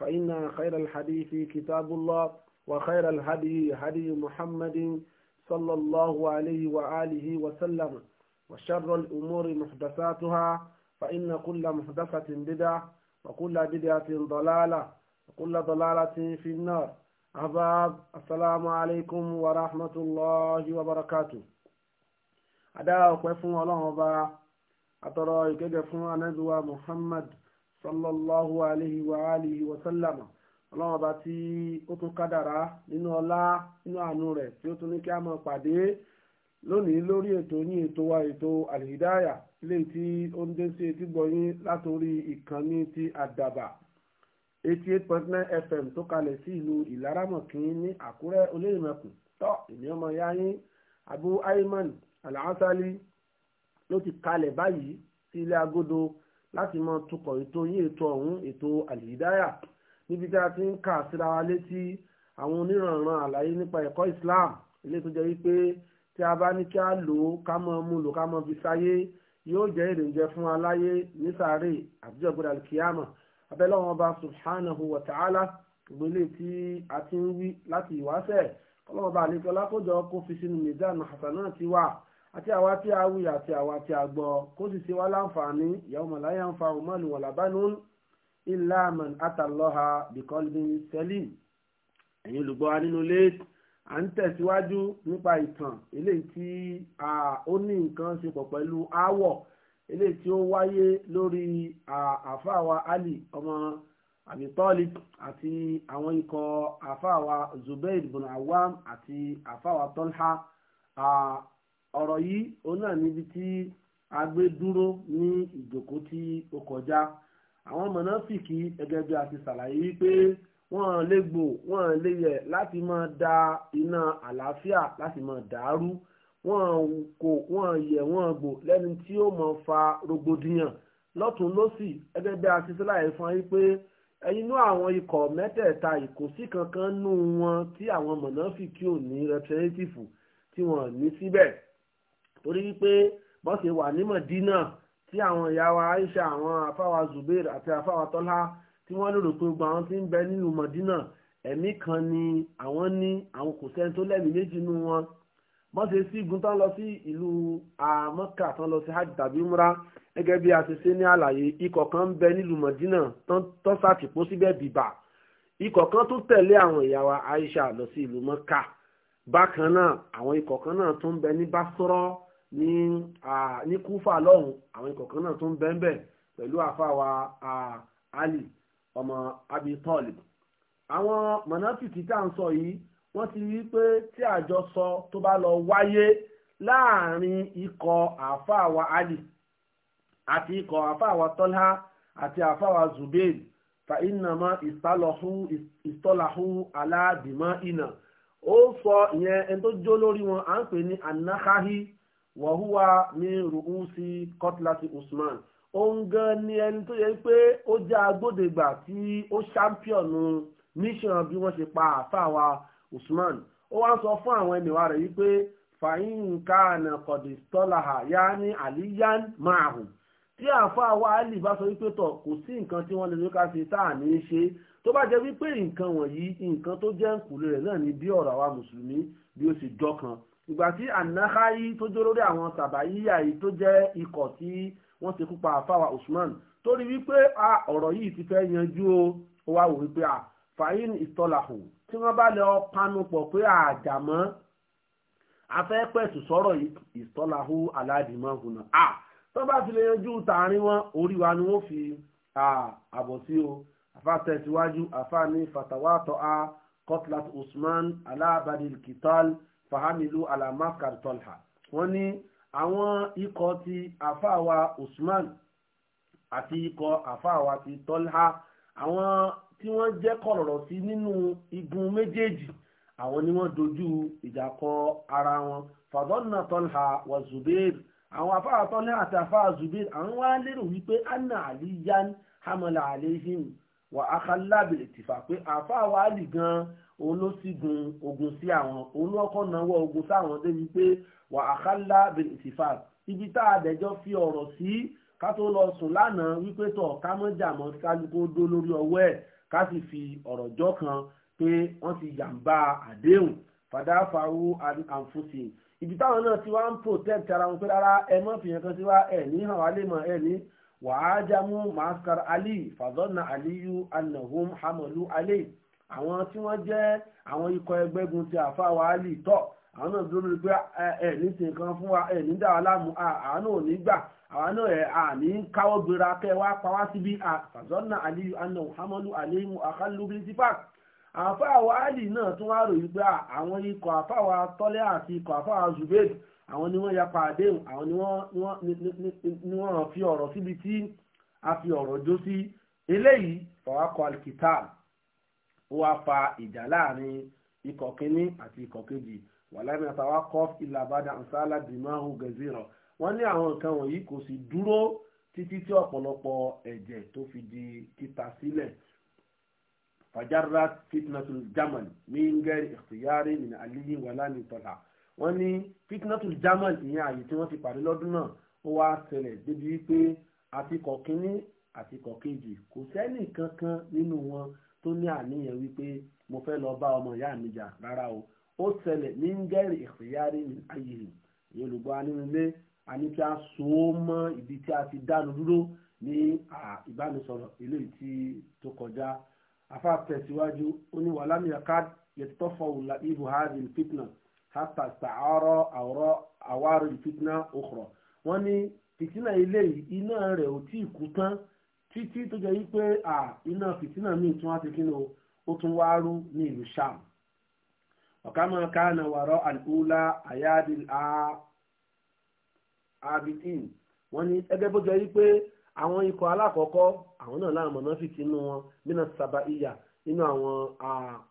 فإن خير الحديث كتاب الله وخير الهدي هدي محمد صلى الله عليه وآله وسلم وشر الأمور محدثاتها فإن كل محدثة بدعة وكل بدعة ضلالة وكل ضلالة في النار أحباب السلام عليكم ورحمة الله وبركاته أداء وقف الله أترى يكجف عن محمد sallallahu alayhi wa alihi wa sallam ọlọ́run ọba tí ó tún kádàrá nínú ọlá nínú àánú rẹ̀ tí ó tún ní kí a máa pàdé lónìí lórí ètò ní ètò wa ètò àlìdáyà léyìí tí ó ń dé sí etí gbọ̀yìn látòrí ìkànnì ti àdàbà eighty eight point nine fm tó kalẹ̀ sí ìlú ìlaramọ̀kín ní àkúrẹ́ olóyìnbẹ̀kùn tọ́ èmi ọmọ ya yín abu ayman alhansali ló ti kalẹ̀ báyìí sí ilé agodo láti mọ tukọ̀ ètò yín ètò ọ̀hún ètò àlìdáyà níbi tí a ti ń kà síra wa létí àwọn oníranran àlàyé nípa ẹ̀kọ́ Islam ilé tó jẹ́ wípé tí a bá ní kí a lò ó ká mọ mú lò ká mọ fi sáyé yóò jẹ́ èròjẹ fún aláyé nísàárè àbíjọ́ gbọ́dọ̀ alikiyama abẹ́lẹ́wọ̀n ọba subhanahu wa ta'ala ìgbélé tí a ti ń wí láti ìwáṣẹ̀ ọlọ́wọ́n ọba àlejò alákòjọ kó fi sínú mizan hasanah ti wà àti àwa tí a wí àti àwa tí a gbọ́ kó sì ṣe wá láǹfààní yawma la yanfa'u malun wala banun illa man atallaha biqalbin salim ẹ̀yin olùgbọ́ wa nínú ilé à ń tẹ̀síwájú nípa ìtàn eléyìí tí ó ní nǹkan ṣe pọ̀ pẹ̀lú aáwọ̀ eléyìí tí ó wáyé lórí àfáàwa Ali ọmọ Abi Talib àti àwọn ikọ̀ àfáàwa Zubair bin Awam àti àfáàwa Talha ọ̀rọ̀ yìí òun náà níbi tí a gbé dúró ní ìjòkó tí ó kọjá àwọn mọ̀nàfìkì gẹ́gẹ́ bí a ti ṣàlàyé wípé wọ́n lè gbò wọ́n lè yẹ láti máa da iná àlàáfíà láti máa dàrú wọ́n kò wọ́n yẹ wọ́n gbò lẹ́ni tí ó máa fa rògbòdìyàn lọ́tún lọ́sì gẹ́gẹ́ bí a ti ṣàlàyé fún yín pé inú àwọn ikọ̀ mẹ́tẹ̀ẹ̀ta ìkòsí kankan nù wọn tí àwọn mọ̀nàfìkì ò ní rẹpẹrẹtìfù tí wọ́n ní síbẹ̀. Si torí wípé bọ́sì wà ní Mọ̀dínà tí àwọn ìyá wa Aisha àwọn afáwa Zubair àti afáwa Tọ́lá tí wọ́n lérò pé gbogbo àwọn tí ń bẹ nínú Mọ̀dínà ẹ̀mí kan ni àwọn ní àwọn kò sẹ́ni tó lẹ́mìí méjì nínú wọn bọ́sì sígun tán lọ sí ìlú Mọ́kà tán lọ sí hajj tàbí múra gẹ́gẹ́ bí a ṣe ṣe ní àlàyé ikọ̀ kan ń bẹ nílùú Mọ̀dínà tán sàtìpó síbẹ̀ bìbà ikọ̀ kan tún tẹ̀lé àwọn ìyá wa Aisha lọ sí ìlú Mọ́kà bákan náà àwọn ikọ̀ kan náà tún ń bẹ ní Basra ní ní kúfà lọ́hùn àwọn ikọ̀ kan náà tún bẹ́ẹ̀ bẹ́ẹ̀ pẹ̀lú àfàwà ali ọmọ abi Talib àwọn mọ̀nàfìkì tá à ń sọ yìí wọ́n ti rí pé tí àjọsọ tó bá lọ wáyé láàrin ikọ̀ àfàwà ali àti ikọ̀ àfàwà Tọ́lá àti àfàwà Zubair fa ìnàmọ́ ìtọ́làhù aládìmọ́ ìnà ó sọ ìyẹn ẹni tó jó lórí wọn à ń pè ní anakahi wàhúwa ní rúùsì kọ́tìláṣí usman òun gan ni ẹni tó yẹ pé ó jẹ́ agbódegbà tí ó ṣàmpíọ̀nù níṣàn bí wọ́n ṣe pa àáfàá wa usman ó wá ń sọ fún àwọn ẹnìwá rẹ̀ wípé fàyín kàánà kọ̀dì tọ́láhà yá ní àlíyán máàhùn tí àáfàá wa alì bá sọ wípé tọ̀ kò sí nǹkan tí wọ́n lè lóka ṣe tá à ní í ṣe tó bá jẹ́ wípé nǹkan wọ̀nyí nǹkan tó jẹ́ ń rẹ̀ náà ni bí ọ̀rọ̀ àwa mùsùlùmí bí ó sì jọ kan ìgbà tí ànáháyí tó jó lórí àwọn tàbáyíyà yìí tó jẹ́ ikọ̀ tí wọ́n ti kú pa àfáwà Usman tó rí wípé ọ̀rọ̀ yìí ti fẹ́ yanjú o wá wò wípé à fàyín ìtọ́làhù tí wọ́n bá lọ panupọ̀ pé àjàmọ́ afẹ́pẹ̀sù sọ̀rọ̀ ìtọ́làhù aládìmọ́ hùnà à tó bá fi lè yanjú tààrin wọn orí wa ni wọ́n fi àbọ̀ sí o àfa tẹ̀síwájú àfa ní fatawa tọ́ a kotlat Usman alábàdìl kìtàl fahamilu alamakar tolha wọ́n ní àwọn ikọ̀ ti àfáàwà usman àti ikọ̀ àfáàwà ti tolha àwọn tí wọ́n jẹ́ kọ̀rọ̀rọ̀ sí nínú igun méjèèjì àwọn ni wọ́n dojú ìjà kọ ara wọn fàdọ́nà tolha wà zubair àwọn àfáà tolha àti àfáà zubair àwọn wá lérò wípé anna aliyan hamala alehim wà á ká lábìlì tìfà pé àáfàá wa lì gan òun ló sì gun ogun sí àwọn òun ló kọ́ náwó ogun sáwọn débi pé wà á ká lábìlì tìfà ibi tá a dẹjọ́ fi ọ̀rọ̀ sí ká tó lọ sùn lánàá wípé tọ̀ ká mọ́ jàmọ́ kálukó dó lórí ọwọ́ ẹ̀ ká sì fi ọ̀rọ̀ jọ kan pé wọ́n ti yàǹbá àdéhùn fàdáfàwù àǹfùsì ibi táwọn náà ti wá ń protect ara wọn pé rárá ẹ mọ́ fìyàn kan sí wa ẹ̀ ní hàn wá lè mọ̀ ní wàájámú maskar ali fàdọ́nà aliyu anahum hamalu ali àwọn tí wọ́n jẹ́ àwọn ikọ̀ ẹgbẹ́gun ti àfáwà ali tọ́ àwọn náà dúró lórí pé ẹ ní ti nǹkan fún wa ẹ ní dá wa láàmú àwọn náà ò ní gbà àwọn náà ẹ àní káwọ́ gbéra kẹ́ wá pa wá síbi fàdọ́nà aliyu anahum hamalu ali mu akalu bilisifak àfáwà ali náà tún wá ròyìn pé àwọn ikọ̀ àfáwà tọ́lẹ́ àti ikọ̀ àfáwà zubeid àwọn ni wọ́n yapa àdéhùn àwọn ni wọ́n ràn fi ọ̀rọ̀ síbi tí a fi ọ̀rọ̀ jó sí eléyìí fọwọ́kọ alikitab ó wá fa ìjà láàrin ikọ̀ kínní àti ikọ̀ kejì wàlámi àtàwọn akọ ìlàbàdàn ansala dimahu gezira wọ́n ní àwọn nǹkan wọ̀nyí kò sì dúró títí tí ọ̀pọ̀lọpọ̀ ẹ̀jẹ̀ tó fi di títa sílẹ̀ fajarrat fitnatul jamal min ghairi ikhtiyari min aliyin wala min Talha wọ́n ní fitnatul jamal ìyẹn àyè tí wọ́n ti pàdé lọ́dún náà ó wá ṣẹlẹ̀ débi wípé àti kọ̀kínní àti kọ̀kejì kò sẹ́nì kankan nínú wọn tó ní àníyàn wípé mo fẹ́ lọ bá ọmọ ìyá mi jà rárá o ó ṣẹlẹ̀ ní ngẹ́rì ìfìyàrí mi ayé ìyẹn olùgbọ́ anínilé àní a so ó mọ́ ibi tí a ti dánu dúró ní ìbánisọ̀rọ̀ eléyìí tí tó kọjá afá tẹ̀síwájú ó ní ìbùhárí fitna hata sàárọ̀ àwọ̀rọ̀ àwárò ìfitinà òkùrọ̀ wọ́n ní fìtínà ilé yìí iná rẹ̀ ò tí ì kú tán títí tó jẹ́ wípé à iná fìtínà míì tún wá ti kí ni o ó tún wá rú ní ìlú sham ọ̀kámọ́ kánà wàrọ̀ àlùkùlá àyáàdì àbìtìn wọ́n ní ẹgbẹ́ bó jẹ́ wípé àwọn ikọ̀ alákọ̀ọ́kọ́ àwọn náà láwọn mọ̀nà fìtínú wọn nínú sàbà ìyà nínú àwọn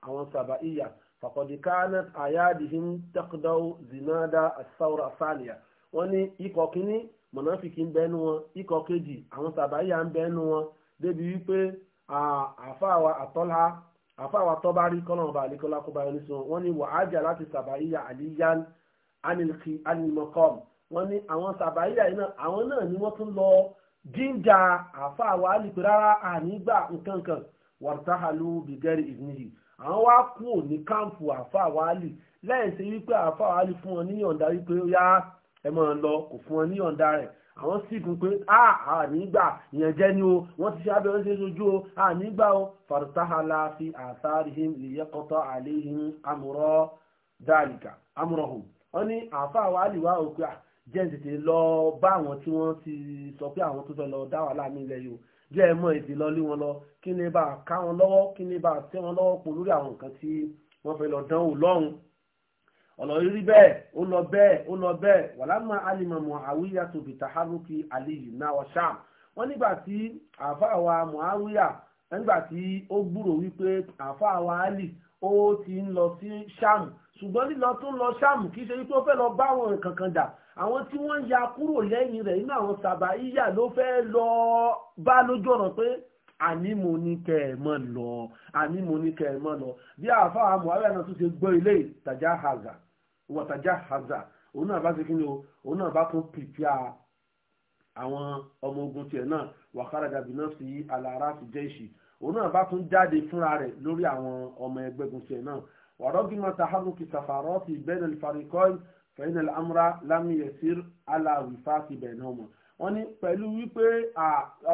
àwọn ìyà fàkọ̀dì kánat àyádìhìn tẹ́kọ̀dọ̀ zinada asaura asaliya wọ́n ní ikọ̀ kínní mọ̀nàfìkì ń bẹ́nu wọn ikọ̀ kejì àwọn sàbáyà ń bẹ́nu wọn débi wípé àfàwà àtọ́lá àfàwà tọ́bárí kọ́nàmọ́ba àlékọ́lá kọ́ba ẹni sùn wọ́n ní wàhájà láti sàbáyà àlíyàn anilmọ́kọ́m wọ́n ní àwọn sàbáyà yìí náà àwọn náà ni wọ́n tún lọ jíjà àfàwà àlìpẹ́ rárá ànígbà nkankan wàrtáhàlú bìgẹ́rì ìdíníyì àwọn wá kú ò ní káàmpù àfa wàhálì lẹ́yìn sí wípé àfa wàhálì fún wọn níyọ̀ǹda wípé ó yá ẹ máa lọ kò fún wọn níyọ̀ǹda rẹ̀ àwọn sì kún pé a ìyẹn jẹ́ ni o wọ́n ti ṣe abẹ́ wọ́n ṣe sojú o ànígbà o fartahala fi àtàrihim ìyẹ́kọ́tọ̀ àléhìn amúrọ́ dáàlìkà amúrọ̀hùn wọ́n ní àfa wàhálì wá òkú à jẹ́ tètè lọ bá àwọn tí wọ́n ti sọ pé àwọn tó fẹ́ lọ dá wàhálà mi lẹ́yìn o jẹ́ ẹ mọ́ ètè lọ lé wọn lọ kí ni bá ká wọn lọ́wọ́ kí ni bá tẹ́ wọn lọ́wọ́ pọ̀ lórí àwọn nǹkan tí wọ́n fẹ́ lọ dánwò lọ́hùn ọ̀nà rírí bẹ́ẹ̀ ó lọ bẹ́ẹ̀ ó lọ bẹ́ẹ̀ wàlámà alimọ̀ Muawiya tó bìtà haruki aliyu náà ṣáà wọ́n nígbà tí àfáà wa Muawiya nígbà tí ó gbúrò wípé àáfàá wa ali ó ti ń lọ sí ṣáàmù ṣùgbọ́n lílọ tó ń lọ ṣáàmù kì í ṣe wípé ó fẹ́ lọ bá àwọn kankan dà àwọn tí wọ́n ya kúrò lẹ́yìn rẹ̀ nínú àwọn sàbà ìyà ló fẹ́ lọ bá lójú ọ̀nà pé àní mo ní kẹ́ ẹ̀ mọ́ lọ àní mo ní kẹ́ ẹ̀ mọ́ lọ bí àáfàá muhammed náà tún ṣe gbọ́ ilé ìtajà haza wọ̀tajà haza òun náà bá ṣe kí ni o òun náà bá tún pìpìà àwọn ọmọ ogun tiẹ̀ náà wàhálà dàbí náà sí aláràfíjẹ́ ìṣì òun náà bá tún jáde fúnra rẹ̀ lórí àwọn ọmọ ẹgbẹ́gun tiẹ̀ náà wàrọ́gìmọ̀ taharuki safarọ́ ti bẹ́ẹ̀nẹ̀lì farikọ́ìn fẹ́ẹ̀nẹ̀lì amúra lámìyẹ̀sìr aláwìfá ti bẹ̀ẹ̀ náà mọ̀ wọ́n ní pẹ̀lú wípé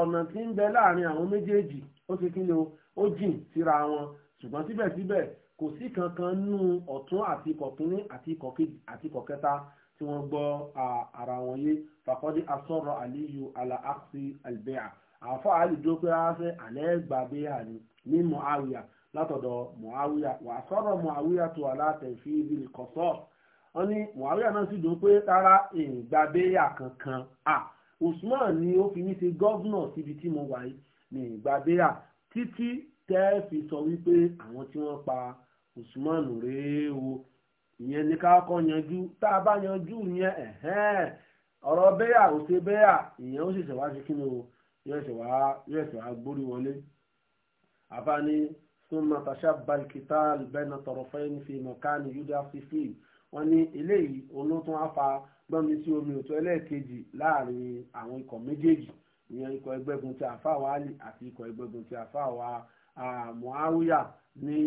ọ̀nà tí ń bẹ láàrin àwọn méjèèjì ó ṣe kí ni o ó jìn síra wọn ṣùgbọ́n síbẹ̀síbẹ̀ kò sí kankan nú ọ̀tún àti kọ̀kínní àti kọ̀kẹta tí wọ́n gbọ́ ara wọn yé fàkọ́dé asọ́rọ̀ àlíyù àlà àkùsí àfọ àlùjọ pé a fẹ́ àlẹ́ gbà bí a ní ní muawiya látọ̀dọ̀ muawiya wà sọ̀rọ̀ muawiya tó alátẹ̀fí ibi kọ̀sọ́ wọn ní muawiya náà sì dùn pé rárá ìgbà kankan a usman ni ó fi mí ṣe gọ́vnọ̀ síbi tí mo wà yìí ní ìgbà títí tẹ́ fi sọ wípé àwọn tí wọ́n pa usman rèé o ìyẹn ní ká kọ́ yanjú tá a bá yanjú yẹn ọ̀rọ̀ bẹ́yà ò ṣe bẹ́yà ìyẹn ó ṣẹ̀ṣẹ̀ wá ṣe kí ni o yóò ṣe wá yóò ṣe wá gbórí wọlé àfáàní súnmọ́ tàṣà balkita bẹ́ẹ̀nà tọrọfẹ́ni fi mọ̀kánì yúdà fífi wọn ní eléyìí olótún afa gbọ́nmi sí omi òtún ẹlẹ́ẹ̀kejì láàrin àwọn ikọ̀ méjèèjì ìyẹn ikọ̀ ẹgbẹ́gun ti àfáàwá Ali àti ikọ̀ ẹgbẹ́gun ti àfáàwá Muawiya ní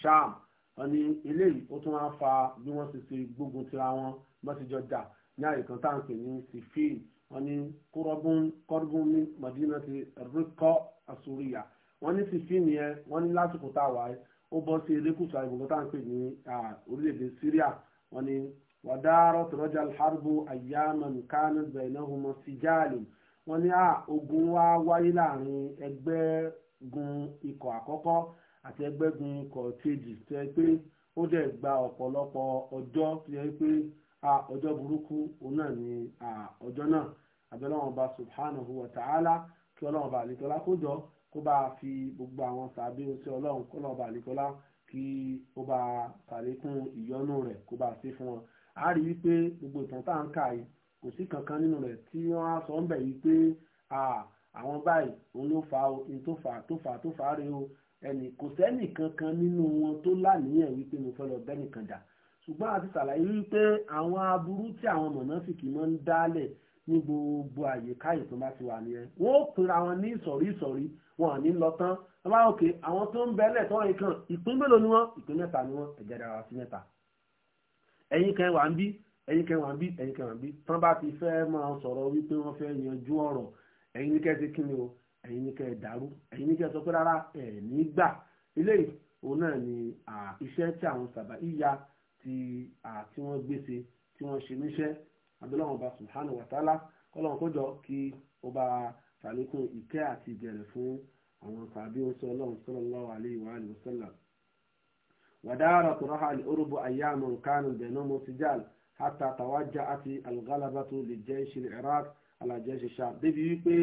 Sham wọn ní eléyìí ó tún afa bí wọ́n ti ṣe gbógun tira wọn bọ́síjọ́ dà ní àyíkan táǹkì ní sifil wọ́n ní kúrọ́bùn kọ́rọ́bùn ní madina ti rúkọ́ àsúríyà wọ́n ní fífín yẹn wọ́n ní lásìkò tá a wà yìí ó bọ́ sí erékùsù àìbùkún tá à ń pè ní orílẹ̀-èdè syria wọ́n ní wàdàrọ̀ tọ́jà alḥarbu ayyaman kánú bẹ̀ẹ́nàhùnmọ́ sijalin wọ́n ní ogun wá wáyé láàrin ẹgbẹ́ gun ikọ̀ àkọ́kọ́ àti ẹgbẹ́ gun ikọ̀ kejì tẹ́ pé ó dẹ̀ gba ọ̀pọ̀lọpọ̀ ọjọ́ tó pé ọjọ́ burúkú òun náà ni ọjọ́ náà abẹ́lẹ́wọ̀n bá subhanahu wa ta'ala kí ọlọ́run bá àlekọ́lá kó jọ kó bá fi gbogbo àwọn sàbí oṣù ọlọ́run kó lọ́ọ́ bá àlekọ́lá kí ó bá sàlékún ìyọ́nú rẹ̀ kó bá ṣe fún wọn. a rí i pé gbogbo ìtàn tá à ń kà yìí kò sí kankan nínú rẹ̀ tí wọ́n á sọ ń bẹ̀ yìí pé àwọn báyìí òun ló fa o tó fà tó fà tó fà rèé o ẹnì kò sẹ́nì kankan nínú wọn tó láníyàn wípé mo fẹ́ lọ bẹ́nìkan jà ṣùgbọ́n àti ṣàlàyé wípé àwọn aburú tí àwọn mọ̀nàfìkì máa ń dálẹ̀ ní gbogbo àyíká yìí tó bá ti wà nìyẹn wọn ò pinra wọn ní ìsọ̀rí ìsọ̀rí wọn ní lọ tán wọn òkè àwọn tó ń bẹ́lẹ̀ tó wọn kan ìpín mélòó ni wọn ìpín mẹ́ta ni wọn ẹ̀jẹ̀ dára sí mẹ́ta ẹ̀yin kan wà ń bí ẹ̀yin kan wà ń bí ẹ̀yin kan wà ń bí tán bá ti fẹ́ máa sọ̀rọ̀ wípé wọ́n fẹ́ yanjú ọ̀rọ̀ ẹ̀yin ní kẹ́ ti kí ni o ẹ̀yin ní kẹ́ ẹ dàrú ẹ̀yin ní kẹ́ ẹ sọ pé rárá ẹ̀ nígbà eléyìí òun náà ni iṣẹ́ tí àwọn sàbà yíya tí àti wọ́n gbèsè tí wọ́n ṣe níṣẹ́ abẹ́lẹ́wọ̀n ọba subhanahu wa ta'ala kọ́lọ́wọ́n kọjọ kí ọba sàlékún ìkẹ́ àti ìbẹ̀rẹ̀ fún àwọn tàbí oṣù ọlọ́run sallallahu alayhi wa alihi wa sallam. ودار طرها الأرب أيام كان بينهم سجال حتى توجهت الغلبة للجيش العراق على جيش الشام débi wípé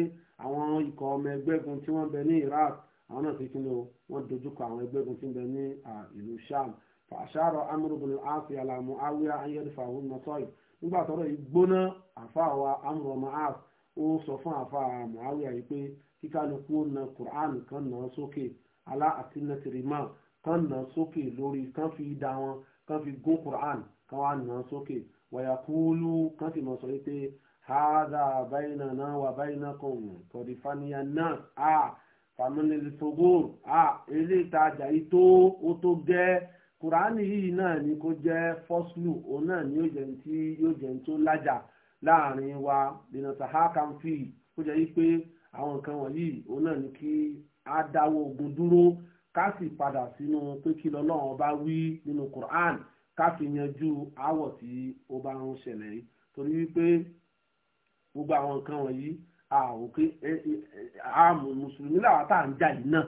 àwọn ikọ̀ ọmọ ẹgbẹ́gun tí wọ́n bẹ ní Iraq àwọn náà ti kí ni wọ́n dojúkọ àwọn ẹgbẹ́gun tí ń bẹ ní ìlú Sham fàṣàrọ̀ amúrúbùnú àfi àlàmú awíyá ayélujáfà òun nàtọ́yì nígbà tọ́rọ̀ yìí gbóná àfàwà amúrọ̀mọ́ àf ó sọ fún àfàwà muawiya yìí pé kíkálukú na quran kan náà sókè alá àti nàtìrìmá kan náà sókè lórí kan fi dá wọn kan fi gún quran kan wá náà sókè wàyàkúlù kan sì mọ̀ sọ yìí pé hádà báyìí náà wà báyìí náà kàn kọ̀dí faniya náà a fàmílì fògóòrò a eléyìí tá a jà yìí tó ó tó gẹ́ẹ́ kùránì yìí náà ni kó jẹ́ fọ́sùlù òun náà ni yóò jẹ́ tí yóò jẹ́ tó lájà láàrin wa dènà sàhákàm fi kó jẹ́ wípé àwọn nǹkan wọ̀nyí òun náà ni kí á dáwọ́ ogun dúró ká sì padà sínú pé kí lọ́lọ́run bá wí nínú quran ká fi yanjú aáwọ̀ tí ó bá ń ṣẹlẹ̀ yìí torí wípé gbogbo àwọn nǹkan wọ̀nyí àmù mùsùlùmí làwọn tá à ń jà yìí náà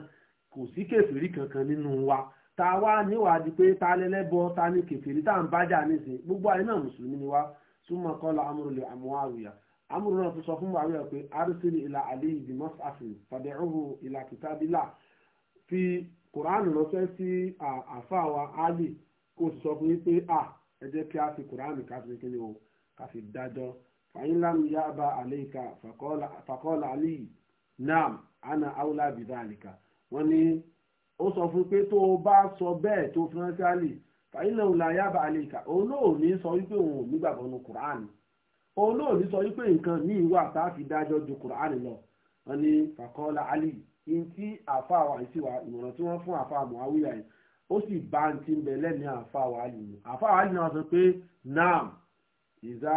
kò sí kèfèrí kankan nínú wa ta wá níwádìí pé ta lẹ́lẹ́bọ ta ní kèfèrí tá à ń bájà níṣe gbogbo àyè náà mùsùlùmí ni wá súnmọ́ kọ́lá amúrúlẹ̀ àmúhàwìyà amúrú náà tún sọ fún wàwíyà pé arísìlì ìlà àlẹ́ ìdí mọ́sáfìn fàdéhùhù ìlà kìtàbílà fi kùránù ránṣẹ́ sí àáfàá ali kó sì sọ fún yín pé à ẹ jẹ́ kí a fi kùránù ká fi kíni o ká fi dájọ́ fàyín lámì yá fàkọ́lá àlẹ́ náà àna áwùlá bìbá àlìkà wọ́n ní ó sọ fún pé tó o bá sọ bẹ́ẹ̀ tó financially fàyínà òun làyà bá lè kà òun náà ò ní sọ wípé òun ò nígbàgbọ́ nu kùránì òun náà ò ní sọ wípé nǹkan míì wà tá a fi dájọ́ ju kùránì lọ wọn ni fàkọ́lá ali ní tí àfa wa ìsì wa ìmọ̀ràn tí wọ́n fún àfa muawiya yìí ó sì bá ń ti bẹ̀ lẹ́ni àfa wa ali mu àfa wa ali náà sọ pé naam ìzá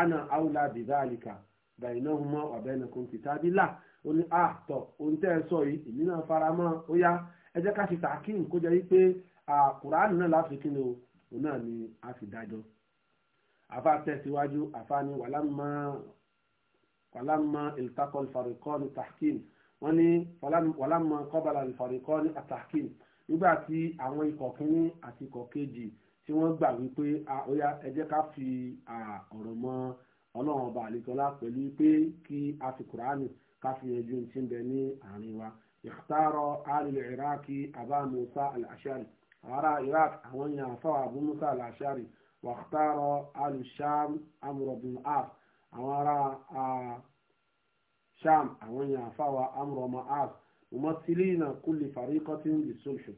ana aula bìbá àlìkà bàyìnà humna ọ̀bẹ́ni kò kìtàbí là ó ní ah tọ̀ ohun tẹ́ ẹ sọ yìí èmi náà fara mọ́ ó yá ẹ jẹ́ ká fi tààkìm kó jẹ́ wípé àkùránì náà láti kí ni o náà ni a fi dájọ́ àfa tẹ̀síwájú àfa ni wàlámà ìltakọ̀ ìfàrẹ̀kọ́ ni tààkìm wọ́n ní wàlámà kọ́bàlà ìfàrẹ̀kọ́ ni àtàkìm nígbà tí àwọn ikọ̀ kínní àti ikọ̀ kejì tí wọ́n gbà wípé ó yá ẹ jẹ́ ká fi ọ̀rọ̀ mọ́ ọlọ́run ọba àlejò ọlá pẹ̀lú pé kí a fi kùránì káfí ẹjú tí ń bẹ ní àárín wa ìtàrọ alìlẹ̀ iraki abá musa al-ashari ará iraq àwọn èèyàn àfáà abu musa al-ashari wà ìtàrọ alìsham amurabun af àwọn ará sham àwọn èèyàn àfáà amurama af mọ̀mọ́sílínà kúlì fàríkọ́tì ń bì sọ́ọ̀ṣù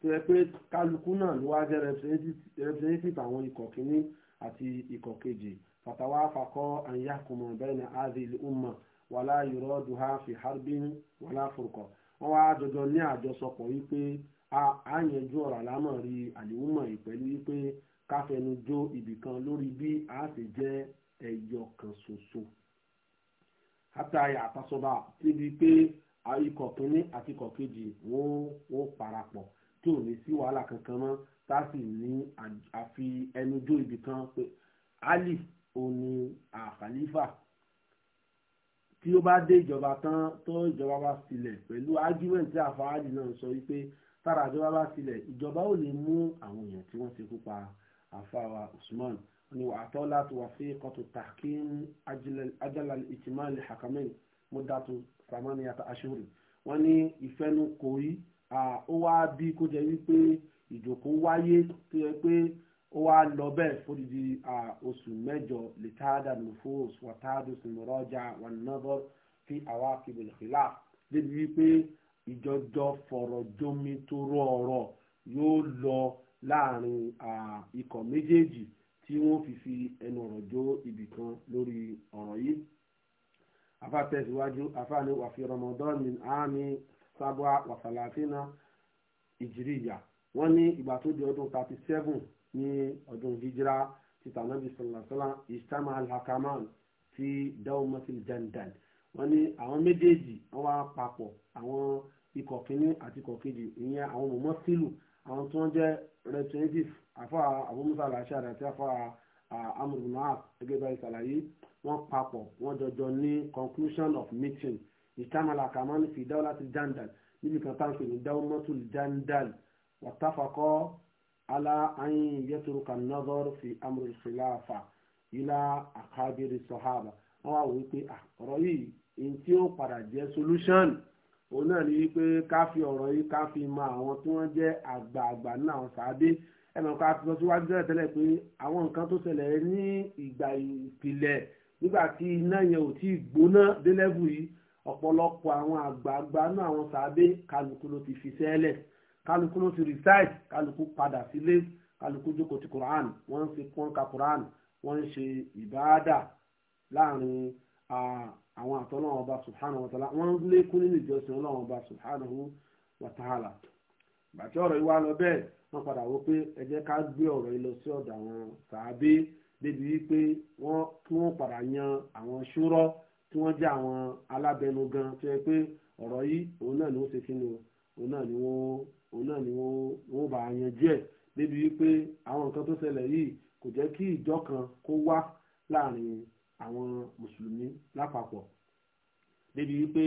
tó yẹ pé kálukú náà ló wá jẹ́ àwọn ikọ̀ kìíní àti ikọ̀ kejì فتوافقوا أن يحكموا بين هذه الأمة ولا يرادها في حرب ولا فرقة wọ́n wá jọjọ ní àjọsọpọ̀ wípé a yanjú ọ̀rọ̀ àlámọ̀ rí àlèhùnmọ̀ yìí pẹ̀lú wípé káfẹnujó ibìkan lórí bí a ṣe jẹ́ ẹyọ kan ṣoṣo. àtàyà àtàsọba síbi pé ikọ̀ kínní àti ikọ̀ kejì wọ́n parapọ̀ tí ò ní sí wàhálà kankan mọ́ tá a sì ní àfi ẹnujó ibìkan pé ali oni ni àkàlífà tí ó bá dé ìjọba tán tó ìjọba bá sílẹ̀ pẹ̀lú argument tí àfáàjì náà sọ wípé tára ìjọba bá sílẹ̀ ìjọba ò lè mú àwọn èèyàn tí wọ́n ti kú pa àfáwà Usman ni wà á tọ́ láti wà fí kọ́tù takim ajala ìtìmáàlì hakamen mudatu samaniyata ashuri wọ́n ní ìfẹ́nukò yìí ó wá bí kó jẹ́ wípé ìjòkó wáyé tó yẹ pé ó wá lọ bẹ́ẹ̀ fódìdí oṣù mẹ́jọ lè táàdà nufus wàtáàdù sùnmọ́rọ́jà wànàbọ́ fi àwa kìbìlì xìlá débi wípé ìjọjọ fọ̀rọ̀ jómi tó rọ̀ọ̀rọ̀ yóò lọ láàrin ikọ̀ méjèèjì tí wọ́n fi fi ẹnu ọ̀rọ̀ jó ibì kan lórí ọ̀rọ̀ yìí. afa tẹ̀síwájú afa ni wàfi ramadan min ami sábà wàsálàfínà ìjìrìyà wọ́n ní ìgbà tó di ọdún thirty seven ní ọdún hijira títà nàbì sọlọsọlá ìsàmà alhakaman fi dáwọ mọsílì dandan wọn ní àwọn méjèèjì wọn papọ̀ àwọn ikọ̀ kínní àti ikọ̀ kejì ìyẹn àwọn mọ̀mọ́sílù àwọn tí wọ́n jẹ́ representative afa abumusa alashara àti afa amurunaf gẹ́gẹ́ bá ìsàlàyé wọ́n papọ̀ wọ́n jọjọ ní conclusion of meeting ìsàmà alhakaman fi dáwọ láti dandan níbi kan táwọn pè ní dáwọ mọsílì dandan wàtàfàkọ́. على أن يترك النظر في أمر الخلافة إلى أكابر الصحابة wọ́n wá wípé ọ̀rọ̀ yìí èyí tí ó padà jẹ́ solution òun náà ni wípé ká fi ọ̀rọ̀ yìí ká fi mọ àwọn tí wọ́n jẹ́ àgbààgbà ní àwọn sàádé ẹnu ká fi lọ síwájú tẹ́lẹ̀ tẹ́lẹ̀ pé àwọn nǹkan tó ṣẹlẹ̀ ní ìgbà ìpìlẹ̀ nígbà tí iná yẹn ò tí ì gbóná dé lẹ́bù yìí ọ̀pọ̀lọpọ̀ àwọn àgbààgbà ní àwọn sàádé kálukú ló ti fi sẹ́lẹ̀ kálukú ló ti recite kálukú padà sílé kálukú jókòó ti quran wọ́n ń fi pọ́n ka quran wọ́n ń ṣe ìbáàdà láàrin àwọn àtọ́lọ́wọ́n ọba subhanahu wa ta'ala wọ́n ń lékún nínú ìjọsìn ọlọ́wọ́n ọba subhanahu wa ta'ala bàtí ọ̀rọ̀ yìí wá lọ bẹ́ẹ̀ wọ́n padà wọ pé ẹ jẹ́ ká gbé ọ̀rọ̀ yìí lọ sí ọ̀dọ̀ àwọn sàábé débi wípé wọ́n kí wọ́n padà yan àwọn ṣúrọ́ tí wọ́n jẹ́ àwọn alábẹnugan tó yẹ pé ọ̀rọ̀ yìí òun náà ni wọ́n ṣe kí ni òun náà ni wọ́n òun náà ni wọ́n bá yanjú ẹ̀ débi wípé àwọn nǹkan tó ṣẹlẹ̀ yìí kò jẹ́ kí ìjọ kan kó wá láàrin àwọn mùsùlùmí lápapọ̀ débi wípé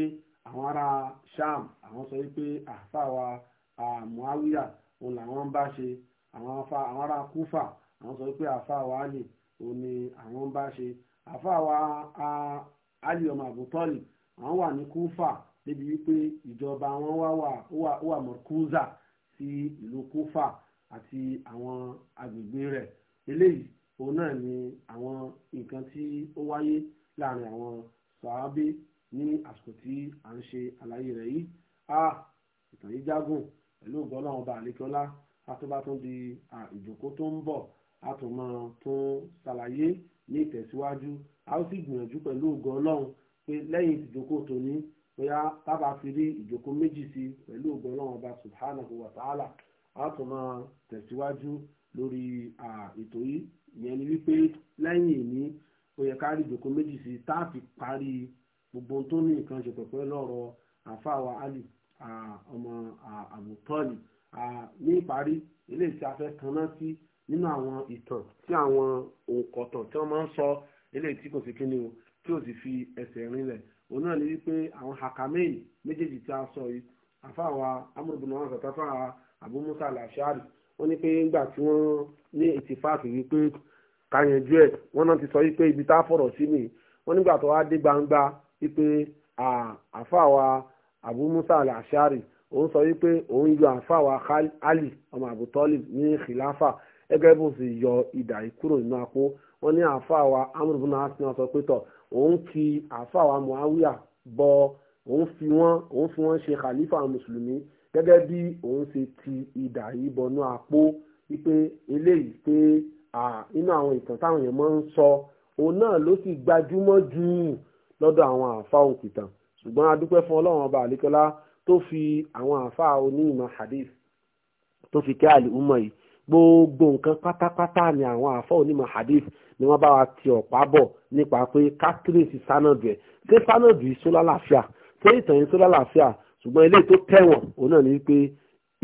àwọn ará sham àwọn sọ wípé àfàwà àmúháwíyà òun làwọn ń bá ṣe àwọn ará kúfà àwọn sọ wípé àfàwà àlè òun ni àwọn ń bá ṣe àfàwà àlè ọmọ àbútọ́lì àwọn wà ní kúfà débi wípé ìjọba wọn wá wà wà mọ̀kúzà sí ìlú kúfà àti àwọn agbègbè rẹ̀ eléyìí òun náà ni àwọn nǹkan tí ó wáyé láàrin àwọn sàábé ní àsìkò tí à ń ṣe àlàyé rẹ̀ yìí a ìtàn yìí jágùn pẹ̀lú ògbọ́n náà ọba àlékọ́lá àtúbà tún di ìjókòó tó ń bọ̀ àtúmọ̀ tún ṣàlàyé ní ìtẹ̀síwájú a ó sì gbìyànjú pẹ̀lú ògbọ́n ọlọ́run pé lẹ́yìn ìjókòó tó ní bóyá tábà fi rí ìjókòó méjì sí pẹ̀lú ògbọ́n ọlọ́run ọba subhanahu wa ta'ala a tún máa tẹ̀síwájú lórí ètò yìí ìyẹn ni wípé lẹ́yìn ìní ó yẹ ká rí ìjókòó méjì sí tá a fi parí gbogbo ohun tó ní nǹkan ṣe pẹ̀pẹ́ lọ́rọ̀ àfàwà ali ọmọ àbùtọ́ọ̀lì ní ìparí eléyìí tí a fẹ́ kan náà sí nínú àwọn ìtàn tí àwọn òǹkọ̀tàn tí wọ́n máa ń sọ eléyìí tí kò sí kí o tí ò sì fi ẹsẹ̀ rinlẹ̀ òun náà ni wípé àwọn hakamein méjèèjì tí a sọ yìí àfàwà amúrúbùnú wọn sọ táfà Abu Musa ashari wọn ní pé nígbà tí wọn ní ìtìfáàkì wípé kàyànjú ẹ wọn náà ti sọ wípé ibi tá a fọ̀rọ̀ sí mi wọn nígbà tó wá dé gbangba wípé àfàwà Abu Musa ashari òun sọ wípé òun yọ àfàwà Ali ọmọ Abu Talib ní khilafa ẹgẹ bó sì yọ ìdà ìkúrò nínú akó wọn ní àfàwà amúrúbùnú òun fi àfàwà muawiya bọ òun fi wọn òun fi wọn ṣe khalifa mùsùlùmí gẹ́gẹ́ bí òun ṣe ti idà yìí bọnú àpò wípé eléyìí pé inú àwọn ìtàn táwọn èèyàn máa ń sọ òun náà ló sì gbajúmọ̀ jù lọ́dọ̀ àwọn àfa òǹkìtàn ṣùgbọ́n adúpẹ́ fún ọlọ́run ọba àlékọ́lá tó fi àwọn àfa onímọ̀ hadith tó fi kẹ́ àlè umar yìí gbogbo nǹkan pátápátá ni àwọn àfọ onímọ̀ hadith ni wọ́n bá wa ti ọ̀pá bọ̀ nípa pé kátírèsì sanadu ẹ̀ ṣé sanadu yìí sólá làáfíà ṣé ìtàn yìí sólá làáfíà ṣùgbọ́n eléyìí tó tẹ̀wọ̀n òun náà ni pé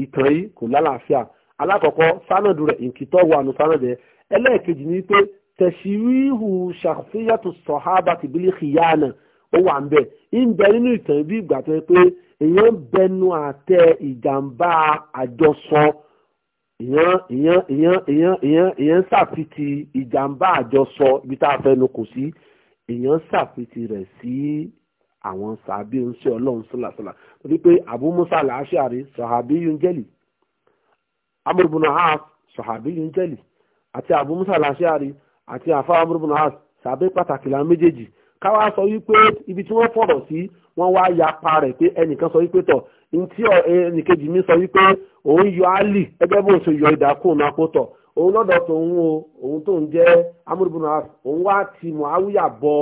ìtàn yìí kò lálàáfíà alákọ̀ọ́kọ́ sanadu rẹ̀ nkìtọ́ wà nù sanadu ẹ̀ ẹlẹ́ẹ̀kejì ni pé tẹ̀síríhù ṣàfihàtò sọ̀hábà tìbílì kìyànà ó wà ń bẹ̀ ń bẹ nínú ìtàn bí ìgbà tó yẹ pé èèyàn bẹnu àtẹ ìjàmbá àjọsọ ìyẹn ìyẹn ìyẹn ìyẹn ìyẹn ìyẹn ṣàfitì ìjàmbá àjọsọ ibi tá a fẹnu kò sí ìyẹn ṣàfitì rẹ̀ sí àwọn sàbí oníṣẹ Ọlọ́run sọlásọlá torí pé Abu Musa al-Ash'ari sàhábí yunjẹlì Amr ibn As sàhábí yunjẹlì àti Abu Musa al-Ash'ari àti àfa Amr ibn As sàbí pàtàkì la méjèèjì káwá sọ wípé ibi tí wọ́n fọ̀rọ̀ sí wọ́n wá yapa rẹ̀ pé ẹnìkan sọ wípé tọ̀ ntí ẹnìkejì mi sọ wípé òun yọ ali ẹgbẹ́ bó ṣe yọ ìdákùn náà kó tọ̀ òun lọ́dọ̀ tòun o òun tó ń jẹ́ amúrúbùnà òun wá ti muawiya bọ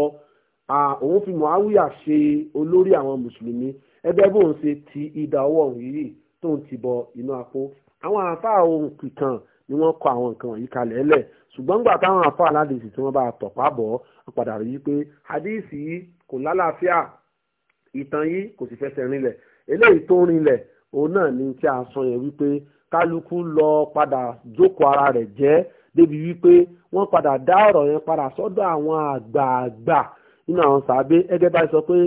òun fi muawiya ṣe olórí àwọn mùsùlùmí ẹgbẹ́ bó ń ṣe ti ìdá ọwọ́ yìí tó ń ti bọ inú apó àwọn àáfàá ohun kìkan ni wọ́n kọ àwọn nǹkan wọ̀nyí kalẹ̀ lẹ̀ ṣùgbọ́n gbà táwọn àáfàá aládìsí tí wọ́n bá tọ̀pá bọ̀ wọ́n padà rí i pé hadíìsì kò lálàáfíà ìtàn yìí kò sì fẹsẹ̀ rinlẹ̀ eléyìí tó rinlẹ̀ òun náà ni tí a sọ yẹn wípé kálukú lọ padà jókòó ara rẹ̀ jẹ́ débi wípé wọ́n padà dá ọ̀rọ̀ yẹn padà sọ́dọ̀ àwọn àgbààgbà nínú àwọn sàbẹ ẹgẹ́ bá sọ pé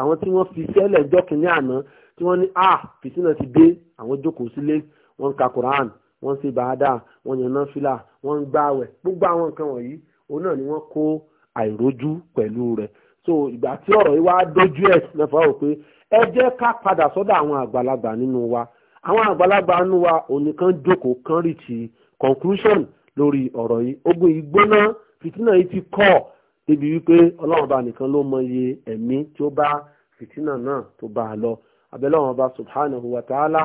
àwọn tí wọ́n fi sẹ́lẹ̀ jọ́ kínní àná tí wọ́n ní a ah, fìtínà ti dé àwọn jókòó sílé wọ́n ń ka Quran wọ́n ṣe bàádà wọ́n yàn fìlà wọ́n ń gbààwẹ̀ gbogbo àwọn nǹkan wọ̀nyí òun náà ni wọ́n kó àìrójú pẹ̀lú rẹ̀ so ìgbà tí ọ̀rọ̀ yìí wá dójú ẹ̀ lọ́fọ̀ọ́ pé ẹ jẹ́ ká padà sọ́dọ̀ àwọn àgbàlagbà nínú wa àwọn àgbàlagbà nínú wa onìkan jókòó kan rì tí conclusion lórí ọ̀rọ̀ yìí ogun ìgbóná fìtínà yìí ti kọ́ débi wípé ọlọ́run ọba nìkan ló mọ iye ẹ̀mí tí ó bá fìtínà náà tó bá a lọ abẹ́lẹ́wọ̀n ọba subhanahu wa ta'ala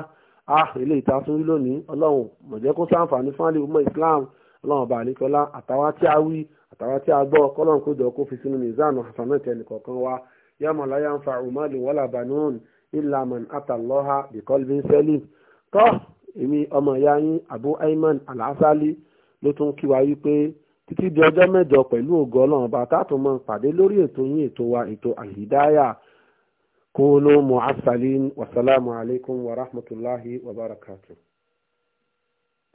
ah ilé ìtasùn rí lónìí ọlọ́run mọ̀jẹ́ kó sáǹfààní fáńlẹ̀ ọmọ islam ọlọ́run ọba àlekọ́lá àtàwá tí a wí àtàwá tí a gbọ́ kọ́lọ́run kó jọ kó fi sínú mizan hasanat ẹnìkọ̀ọ̀kan wa yawma la yanfa'u malun wala banun illa man ata Allaha bi qalbin salim tọ́ èmi ọmọ ìyá yín Abu Ayman Al-Asali ló tún kí wa wípé títí di ọjọ́ mẹ́jọ pẹ̀lú ògo ọlọ́run bá tá a tún mọ pàdé lórí ètò yín ètò wa ètò àlìdáyà kúnú mu'assalin wasalaamu alaykum wa rahmatulahi wa barakatuh.